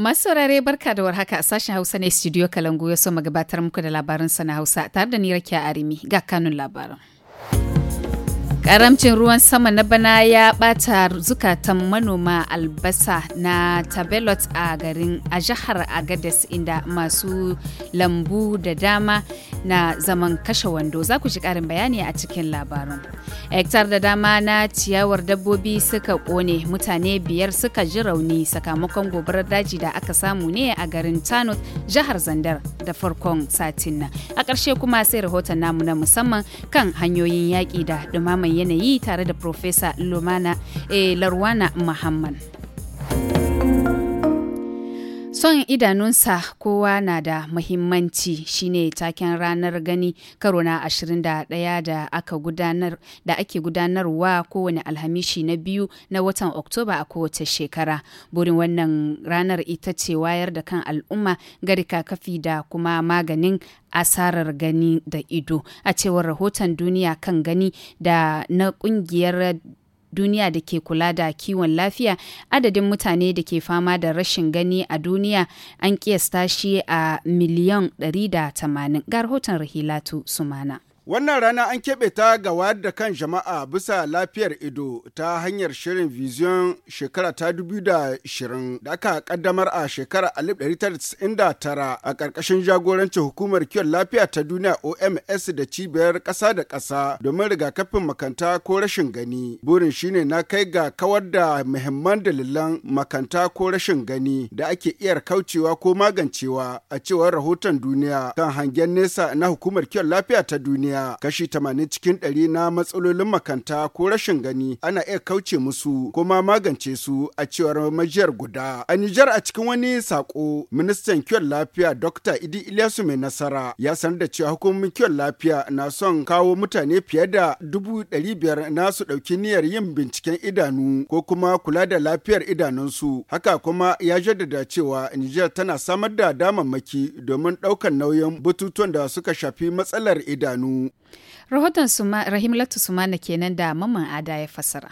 Masaurare barka da warhaka a sashen Hausa ne studio Kalangu ya so magabatar muku da labarin sana Hausa tare da ni Rakiya Arimi ga kanun labarin. Karamcin ruwan sama na bana ya bata zukatan manoma albasa na Tabelot a garin a jihar Agadez inda masu lambu da dama na zaman kashe wando za ku ji karin bayani a cikin labarin. Hektar da dama na ciyawar dabbobi suka kone mutane biyar suka ji rauni sakamakon gobarar daji da aka samu ne a garin Tano jihar Zandar da farkon satin nan. A ƙarshe kuma sai rahoton namu na musamman kan hanyoyin yaƙi da dumaman yanayi tare da Profesa Lumana eh, Larwana Muhammad. Son idanunsa kowa na da muhimmanci shine taken ranar gani karo na 21 da aka gudanar da ake gudanarwa kowane alhamishi na biyu na watan Oktoba a kowace shekara. Burin wannan ranar ita ce wayar da kan al'umma ga kafi da kuma maganin asarar gani da ido a cewar rahoton duniya kan gani da na kungiyar duniya da ke kula da kiwon lafiya adadin mutane da ke fama da rashin gani a duniya an kiyasta shi a miliyan 180 ga rahoton rahilatu sumana. Wannan rana an keɓe ta ga wayar da kan jama'a bisa lafiyar ido ta hanyar shirin Vision shekara ta 2020 da aka kaddamar a shekara 1999 a ƙarƙashin jagorancin hukumar kiwon lafiya ta duniya OMS da cibiyar ƙasa da ƙasa domin rigakafin makanta ko rashin gani. Burin shine na kai ga kawar da muhimman dalilan makanta ko rashin gani da ake iya kaucewa ko magancewa a cewar rahoton duniya kan hangen nesa na hukumar kiwon lafiya ta duniya. duniya kashi 80 cikin 100 na matsalolin makanta ko rashin gani ana iya kauce musu kuma magance su a cewar majiyar guda. A Nijar a cikin wani sako ministan kiwon lafiya Dr. Idi Ilyasu mai nasara ya sanar da cewa hukumomin kiwon lafiya na son kawo mutane fiye da dubu biyar na su dauki niyyar yin binciken idanu ko kuma kula da lafiyar idanunsu. Haka kuma ya jaddada cewa Nijar tana samar da damammaki domin daukan nauyin bututun da suka shafi matsalar idanu. rahoton rahimlatu sumana kenan da maman ada ya fasara.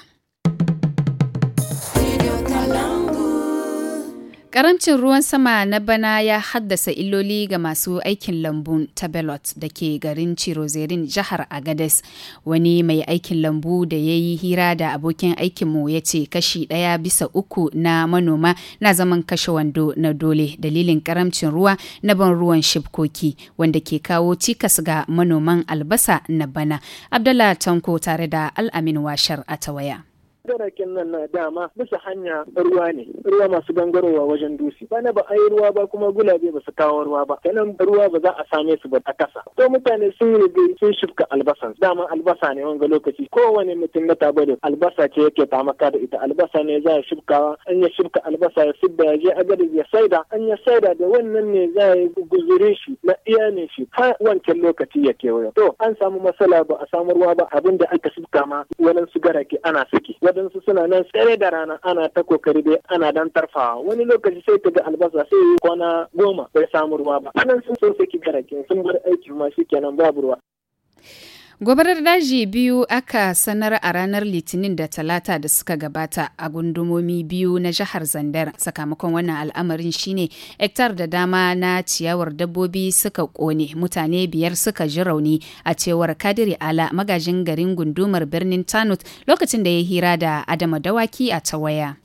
Karamcin ruwan sama na bana ya haddasa illoli ga masu aikin lambun Belot da ke garin Cirozerin jihar Agades. Wani mai aikin lambu da ya yi hira da abokin aikinmu ya ce kashi ɗaya bisa uku na manoma na zaman kashe wando na dole dalilin karamcin ruwa na ban ruwan shibkoki wanda ke kawo cikas ga manoman albasa na bana. Abdallah Tanko tare da Al'amin Washar a tawaya. Garakin nan na dama bisa hanya ruwa ne, ruwa masu gangarowa wajen dusi. Bana ba a yi ruwa ba kuma gulabe ba su kawo ruwa ba. Kenan ruwa ba za a same su ba a kasa. To mutane sun riga sun shifka albasan. Dama albasa ne wanga lokaci. Kowane mutum na ta da albasa ce yake tamaka da ita. Albasa ne za a shifkawa. An ya shifka albasa ya sibba ya je agada ya saida. An ya saida da wannan ne za yi guzure shi na iya ne shi. ha wancan lokaci ya kewayo. To an samu matsala ba a samu ruwa ba abinda aka shifka ma wani su garake ana saki. waɗansu suna nan tsere da rana ana ta kokari dai ana dan tarfawa wani lokaci sai ta ga albasa sai yi kwana goma bai samu ruwa ba anan sun so sai ki garakin sun bar aikin ma shikenan babu ruwa Gobarar daji biyu aka sanar a ranar Litinin da Talata da suka gabata a gundumomi biyu na jihar Zandar. Sakamakon wannan al'amarin shine hektar da dama na ciyawar dabbobi suka kone, mutane biyar suka ji rauni a cewar Kadiri Ala magajin garin gundumar birnin Tanut lokacin da ya hira da Adama Dawaki a ta waya.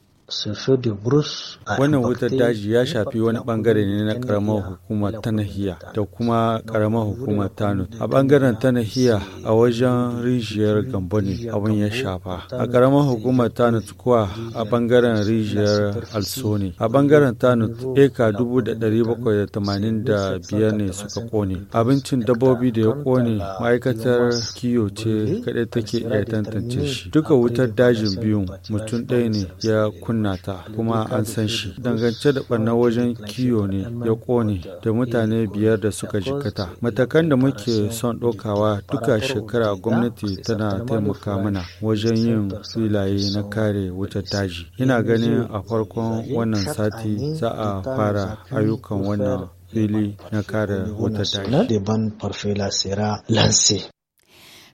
Wannan wutar daji ya shafi wani bangare ne na karamar hukumar ta nahiya da kuma karamar hukumar tanut A bangaren ta nahiya a wajen rijiyar Gambo ne abin ya shafa. A karamar hukumar tanut kuwa a bangaren rijiyar Also ne. A bangaren tanut eka dubu da dari bakwai da tamanin da biyar ne suka kone. Abincin dabbobi da ya kone ma'aikatar kiyo ce kaɗai take iya tantance shi. Duka wutar dajin biyun mutum ɗaya ne ya kuna kunnata kuma an san shi dangance da ɓarnar wajen kiyo ne ya ƙone da mutane biyar da suka jikata matakan da muke son ɗaukawa duka shekara gwamnati tana taimaka mana wajen yin filaye na kare wutar daji ina ganin a farkon wannan sati za a fara ayyukan wannan fili na kare wutar daji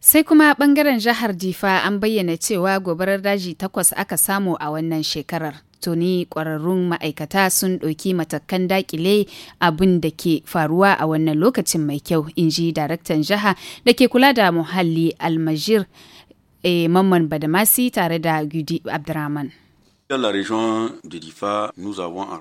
Sai kuma bangaren jihar Difa an bayyana cewa gobarar daji takwas aka samu a wannan shekarar. tuni ƙwararrun ma'aikata sun ɗauki matakan dakile abin da ke faruwa a wannan lokacin mai kyau in ji daraktan jiha da ke kula da muhalli almajir e, mamman badamasi tare da gudi abdurrahman. A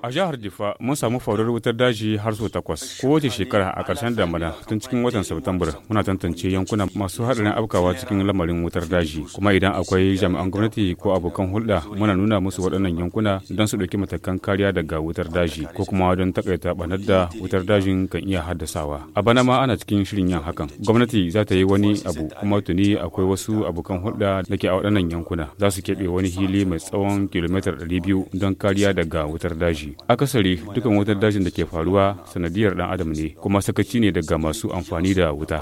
jihar Difa mun samu faruwar wutar daji har sau takwas. Kowace shekara a ƙarshen damana tun cikin watan Satumbar muna tantance yankuna masu haɗarin afkawa cikin lamarin wutar daji. Kuma idan akwai jami'an gwamnati ko abokan hulɗa muna nuna musu waɗannan yankuna don su ɗauki matakan kariya daga wutar daji ko kuma don taƙaita ɓanar da wutar dajin kan iya haddasawa. A bana ma ana cikin shirin yin hakan. Gwamnati za ta yi wani abu kuma tuni akwai wasu abokan hulɗa da ke a waɗannan yankuna za su keɓe wani hili mai tsawon kilomita kilomitar 200 don kariya daga wutar daji. Akasari dukan wutar dajin da ke faruwa sanadiyar dan adam ne kuma sakaci ne daga masu amfani da wuta.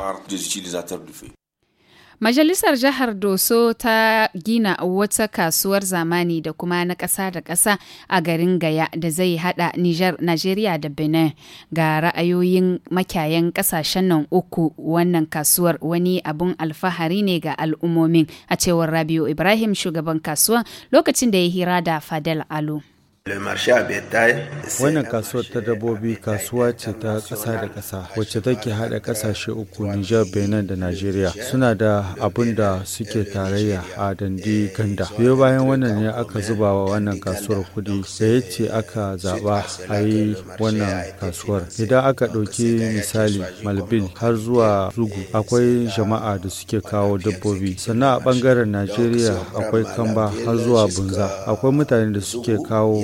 Majalisar Jihar Doso ta gina wata kasuwar zamani da kuma na ƙasa da ƙasa a garin Gaya da zai haɗa Nijar, Najeriya da Benin. Ga ra'ayoyin makyayan ƙasashen nan uku wannan kasuwar wani abun alfahari ne ga al'ummomin a cewar Rabiu Ibrahim shugaban kasuwar lokacin da ya hira da Fadel Alu. Wannan kasuwar ta dabbobi kasuwa ce ta ƙasa da ƙasa wacce take haɗa ƙasashe uku Nijar, Benin da Najeriya suna da abin da suke tarayya a dandi ganda. Biyo bayan wannan ne aka zuba wa wannan kasuwar kuɗi sai ya ce aka zaɓa a yi wannan kasuwar. Idan aka ɗauki misali Malbin har zuwa Zugu akwai jama'a da suke kawo dabbobi. Sannan a ɓangaren Najeriya akwai Kamba har zuwa Bunza akwai mutane da suke kawo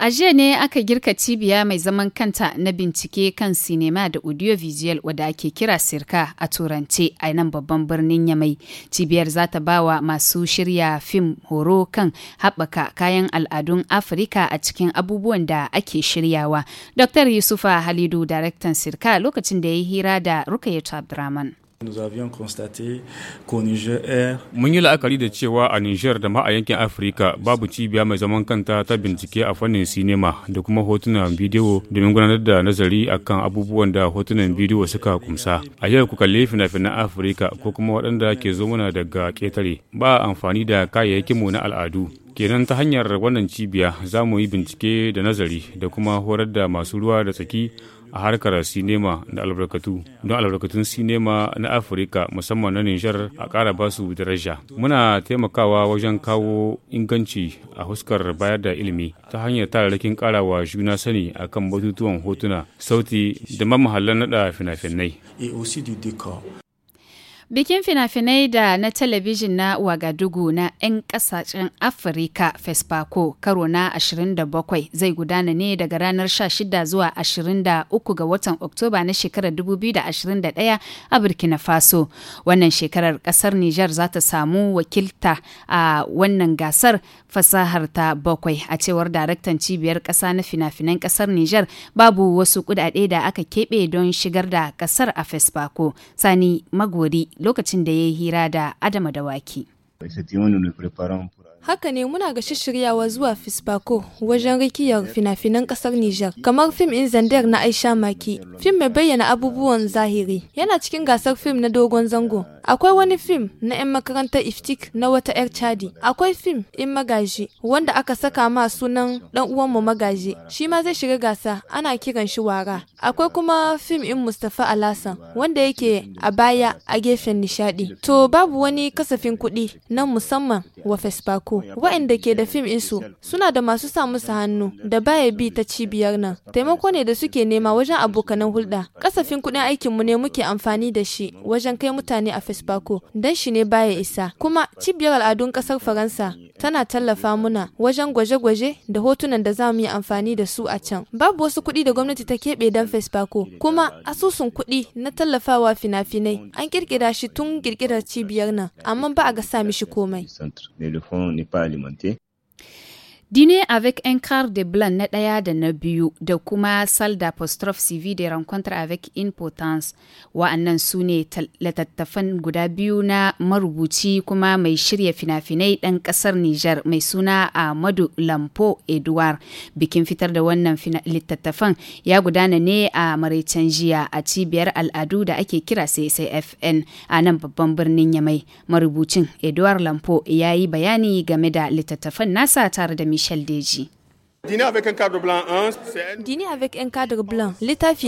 A jiya ne aka girka cibiya mai zaman kanta na bincike kan sinema da audiovisual wadda ake kira sirka a turance a nan babban birnin Yamai. Cibiyar za ta bawa masu shirya fim horo kan haɓaka kayan al'adun Afirka a cikin abubuwan da ake shiryawa. Dr. Yusufa Halidu, daraktan sirka lokacin da ya yi hira da Rukayatu Abdurrahman. Mun yi la'akari da cewa a Niger da ma a yankin Afirka babu cibiya mai zaman kanta ta bincike a fannin sinema da kuma hotunan bidiyo domin gudanar da nazari akan abubuwan da hotunan bidiyo suka kumsa. A yau ku kalli fina-finan Afirka ko kuma waɗanda ke zo mana daga ƙetare ba amfani da mu na al'adu. kenan ta hanyar wannan cibiya za mu yi bincike da nazari da kuma horar da masu ruwa da tsaki a harkar sinema da albarkatu don albarkatun sinema na afirka musamman na nijar a kara ba su daraja muna taimakawa wajen kawo inganci a huskar bayar da ilimi ta hanyar tararrakin ƙarawa juna sani akan batutuwan hotuna sauti da mamahallan naɗa fina-finai Bikin fina-finai da na talabijin na Wagadugu na 'yan kasashen Afirka Fesfako karo na 27 zai gudana ne daga ranar 16 zuwa 23 ga watan Oktoba na shekarar 2021 a Burkina Faso. Wannan shekarar kasar Nijar za ta samu wakilta a wannan gasar fasahar ta bakwai a cewar daraktan cibiyar ƙasa na fina-finan ƙasar Nijar babu wasu kudade da aka kebe don shigar da ƙasar a Fesfako. Sani Magori lokacin da ya yi hira da Adama da Dawaki. Haka ne muna ga shiryawa zuwa Fisbako wajen rikiyar fina-finan kasar Nijar, kamar fim in Zandar na Aisha Maki, fim mai bayyana abubuwan zahiri, yana cikin gasar fim na dogon zango, Akwai wani fim na 'yan makarantar iftik na wata 'yar Chadi. Akwai fim in magaji wanda aka saka ma sunan dan uwanmu magaji. Shi ma zai shiga gasa ana kiran shi wara. Akwai kuma fim in Mustapha Alasan wanda yake a baya a gefen nishadi. To babu wani kasafin kuɗi na musamman wa Fesbako. Wa'inda ke da fim insu suna da masu sa musu hannu da baya bi ta cibiyar nan. Taimako ne da suke nema wajen abokanan hulɗa. Kasafin kuɗin aikinmu ne muke amfani da shi wajen kai mutane a Facebook. Blaise Bako dan shi ne baya isa. Kuma cibiyar al'adun ƙasar Faransa tana tallafa muna wajen gwaje-gwaje da hotunan da za mu yi amfani da su a can. Babu wasu kuɗi da gwamnati ta keɓe don Fesbako, kuma asusun kuɗi na tallafawa fina-finai an ƙirƙira shi tun ƙirƙirar cibiyar nan, amma ba a ga sa mishi komai. dine avec un quart de blanc na ɗaya da na biyu da kuma sal da apostrophe CV de rencontre avec une potence wa'annan su ne littattafan guda biyu na marubuci kuma mai shirya fina-finai ɗan ƙasar Nijar mai suna Ahmadu Lampo Edouard. Bikin fitar da wannan littattafan ya gudana ne a maraicen jiya a cibiyar al'adu da ake kira CCFN a nan babban birnin Yamai. Marubucin Edouard Lampo ya yi bayani game da littattafan nasa tare da michel deji Dini avec un cadre blanc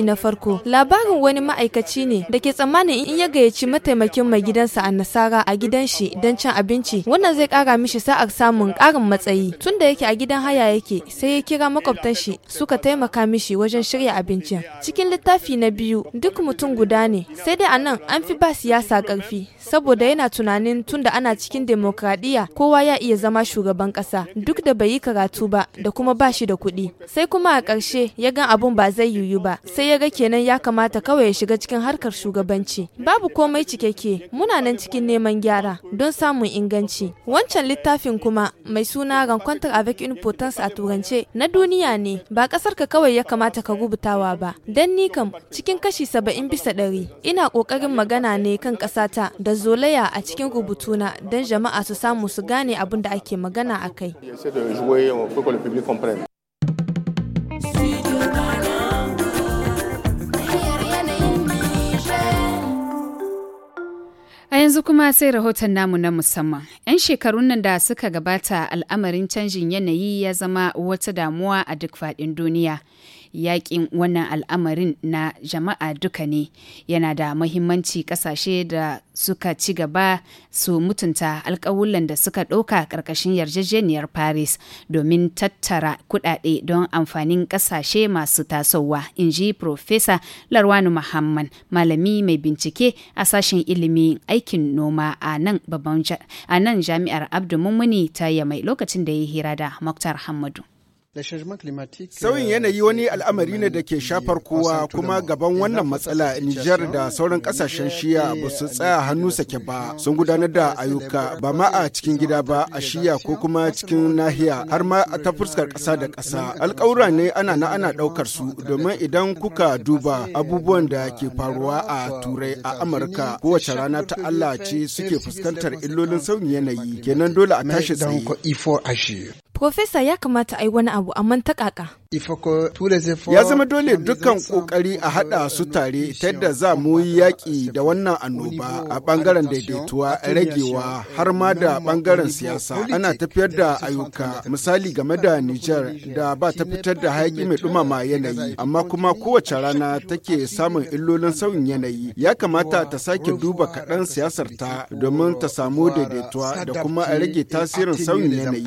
na farko. Labarin wani ma'aikaci ne da ke tsammanin in ya gayyaci mataimakin mai gidansa a Nasara a gidan shi don cin abinci. Wannan zai kara mishi sa'ar samun karin matsayi. Tun da yake a gidan haya yake, sai ya kira makwabtan shi suka taimaka mishi wajen shirya abincin. Cikin littafi na biyu, duk mutum guda ne. Sai dai a nan an fi ba siyasa ƙarfi saboda yana tunanin tunda ana cikin demokradiyya kowa ya iya zama shugaban kasa duk da bai yi karatu ba da kuma ba shi da kuɗi. Sai kuma a ƙarshe ya gan abun ba zai yiwu ba, sai ya ga kenan ya kamata kawai ya shiga cikin harkar shugabanci. Babu komai cikakke, muna nan cikin neman gyara don samun inganci. Wancan littafin kuma mai suna Rencontre avec une potence a turance na duniya ne, ba kasar ka kawai ya kamata ka rubutawa ba. Dan ni kam cikin kashi saba'in bisa ɗari, ina ƙoƙarin magana ne kan ƙasata da zolaya a cikin rubutuna don jama'a su samu su gane abin da ake magana a kai. yanzu kuma sai rahoton namu na musamman. 'Yan shekarun nan da suka gabata al'amarin canjin yanayi ya zama wata damuwa a duk faɗin duniya. yakin wannan al'amarin na jama'a duka ne yana da muhimmanci kasashe da suka ci gaba su mutunta alkawulan da suka ɗauka ƙarƙashin yarjejeniyar paris domin tattara kuɗaɗe don amfanin ƙasashe masu tasowa in ji profesa larwanu muhammad malami mai bincike a sashen ilimin aikin noma a nan jami'ar abdu mummuni ta yamai lokacin da ya hira da muktar hamadu Sauyin euh, yanayi wani al'amari ne da ke shafar kowa kuma gaban wannan matsala Nijar da sauran kasashen shiya ba su tsaya hannu sake ba sun gudanar da ayyuka ba ma a cikin gida ba a shiya ko kuma cikin nahiya har ma ta fuskar ƙasa da ƙasa. Alƙawura ne ana na ana ɗaukar su domin idan kuka duba abubuwan da ke faruwa a Turai a Amurka kowace rana ta Allah ce suke fuskantar illolin sauyin yanayi kenan dole a tashi tsaye. Profesa ya kamata a yi wani abu a ta Ya zama dole dukkan kokari a haɗa su tare ta yadda za mu yi yaƙi da wannan annoba a ɓangaren daidaituwa ragewa har ma da ɓangaren siyasa. Ana tafiyar da ayyuka misali game da Nijar da ba ta fitar da hayaƙi mai dumama yanayi amma kuma kowace rana take samun illolin sauyin yanayi. Ya kamata ta sake duba kaɗan siyasarta domin ta samu daidaituwa da kuma a rage tasirin sauyin yanayi.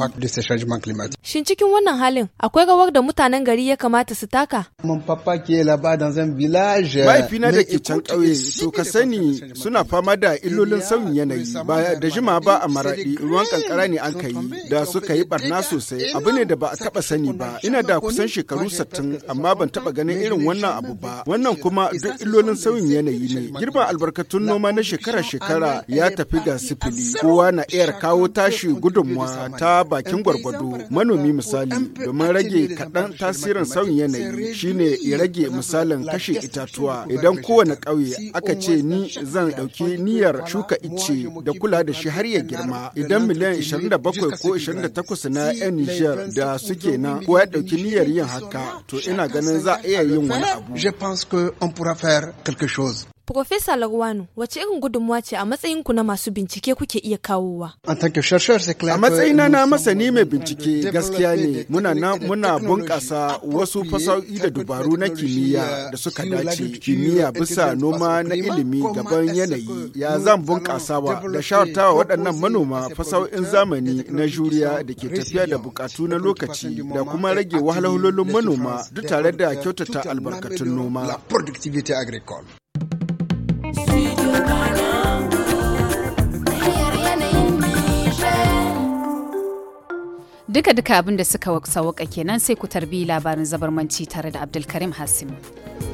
climatique. Shin cikin wannan halin akwai gawar da mutanen gari ya kamata su taka? Mun papa ke laba zan village. Eh, Mahaifina da ke can ƙauye to ka sani suna fama da illolin sauyin yanayi ba da jima ba a maraɗi ruwan kankara ne an kai da suka yi barna sosai abu ne da ba a taba sani ba ina da kusan shekaru sattin amma ban taɓa ganin irin wannan abu ba wannan kuma duk illolin sauyin yanayi ne girban albarkatun noma na shekara-shekara ya tafi ga sifili kowa na iya kawo tashi gudunmuwa ta bakin gwargwado manomi misali domin rage kaɗan tasirin sauyin yanayi shine ya rage misalin kashe itatuwa idan kowane ƙauye aka ce ni zan ɗauki niyyar shuka ice da kula da shi har ya girma idan miliyan 27 ko 28 na 'yan Nijar da suke nan ko ya ɗauki niyyar yin haka to ina ganin za a iya yin wani abu. Profesa Lagwano, wace irin gudunmuwa ce a matsayinku na masu bincike kuke iya kawowa? A matsayina na masani mai bincike gaskiya ne muna muna bunƙasa wasu fasahohi da dubaru na kimiyya da suka dace. Kimiyya bisa noma na ilimi gaban yanayi ya zan wa da shawartawa waɗannan manoma fasahohin zamani na juriya da ke tafiya da buƙatu na lokaci da kuma rage wahalhalolin manoma duk tare da kyautata albarkatun noma. Duka-duka abinda da suka sauwaka kenan sai ku tarbi labarin zabarmanci tare da Abdulkarim Hasim.